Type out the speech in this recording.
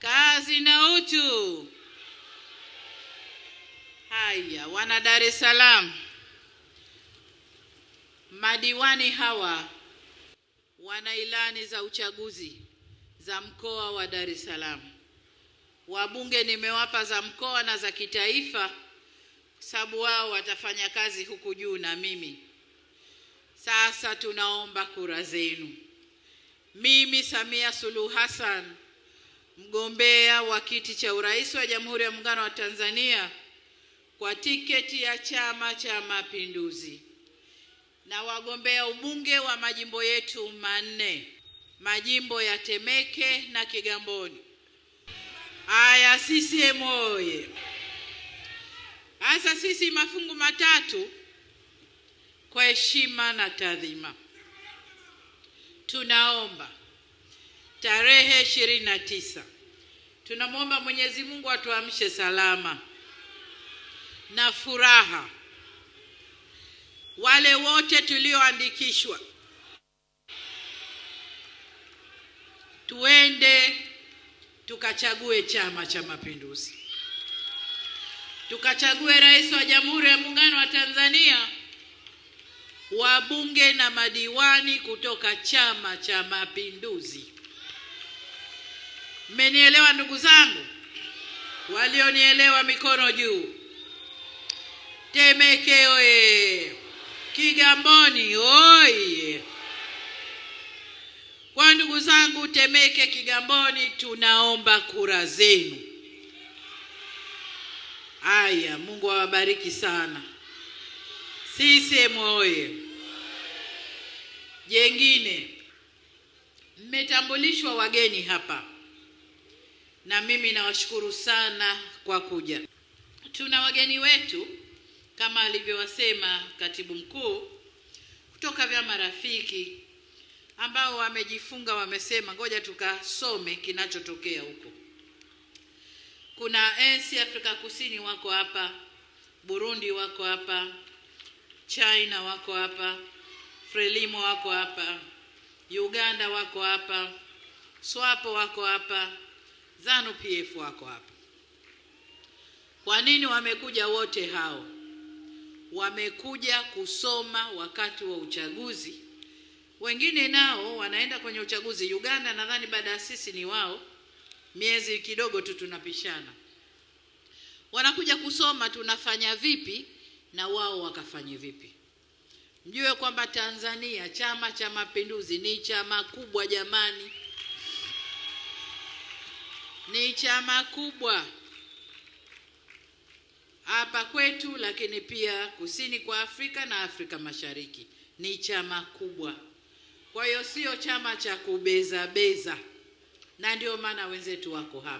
kazi na utu. Haya, wana Dar es Salaam, madiwani hawa wana ilani za uchaguzi za mkoa wa Dar es Salaam. Wabunge nimewapa za mkoa na za kitaifa, sababu wao watafanya kazi huku juu na mimi. Sasa tunaomba kura zenu. Mimi Samia Suluhu Hassan mgombea wa kiti cha urais wa Jamhuri ya Muungano wa Tanzania kwa tiketi ya Chama cha Mapinduzi na wagombea ubunge wa majimbo yetu manne, majimbo ya Temeke na Kigamboni. Haya, CCM oye! Hasa sisi mafungu matatu, kwa heshima na taadhima, tunaomba tarehe ishirini na tisa. Tunamwomba Mwenyezi Mungu atuamshe salama na furaha. Wale wote tulioandikishwa tuende tukachague Chama cha Mapinduzi, tukachague rais wa Jamhuri ya Muungano wa Tanzania, wabunge na madiwani kutoka Chama cha Mapinduzi. Mmenielewa ndugu zangu? Walionielewa mikono juu. Temeke oye! Kigamboni oye! Kwa ndugu zangu Temeke, Kigamboni, tunaomba kura zenu. Aya, Mungu awabariki sana. CCM oye! Jengine, mmetambulishwa wageni hapa na mimi nawashukuru sana kwa kuja. Tuna wageni wetu kama alivyowasema katibu mkuu kutoka vyama rafiki ambao wamejifunga, wamesema ngoja tukasome kinachotokea huko. Kuna ANC Afrika Kusini wako hapa, Burundi wako hapa, China wako hapa, Frelimo wako hapa, Uganda wako hapa, SWAPO wako hapa Zanu PF wako hapa. Kwa nini wamekuja wote hao? Wamekuja kusoma wakati wa uchaguzi. Wengine nao wanaenda kwenye uchaguzi. Uganda nadhani baada ya sisi ni wao, miezi kidogo tu tunapishana. Wanakuja kusoma tunafanya vipi na wao wakafanye vipi. Mjue kwamba Tanzania, Chama cha Mapinduzi ni chama kubwa jamani ni chama kubwa hapa kwetu, lakini pia kusini kwa Afrika na Afrika Mashariki ni chama kubwa. Kwa hiyo sio chama cha kubeza beza, na ndio maana wenzetu wako hapa.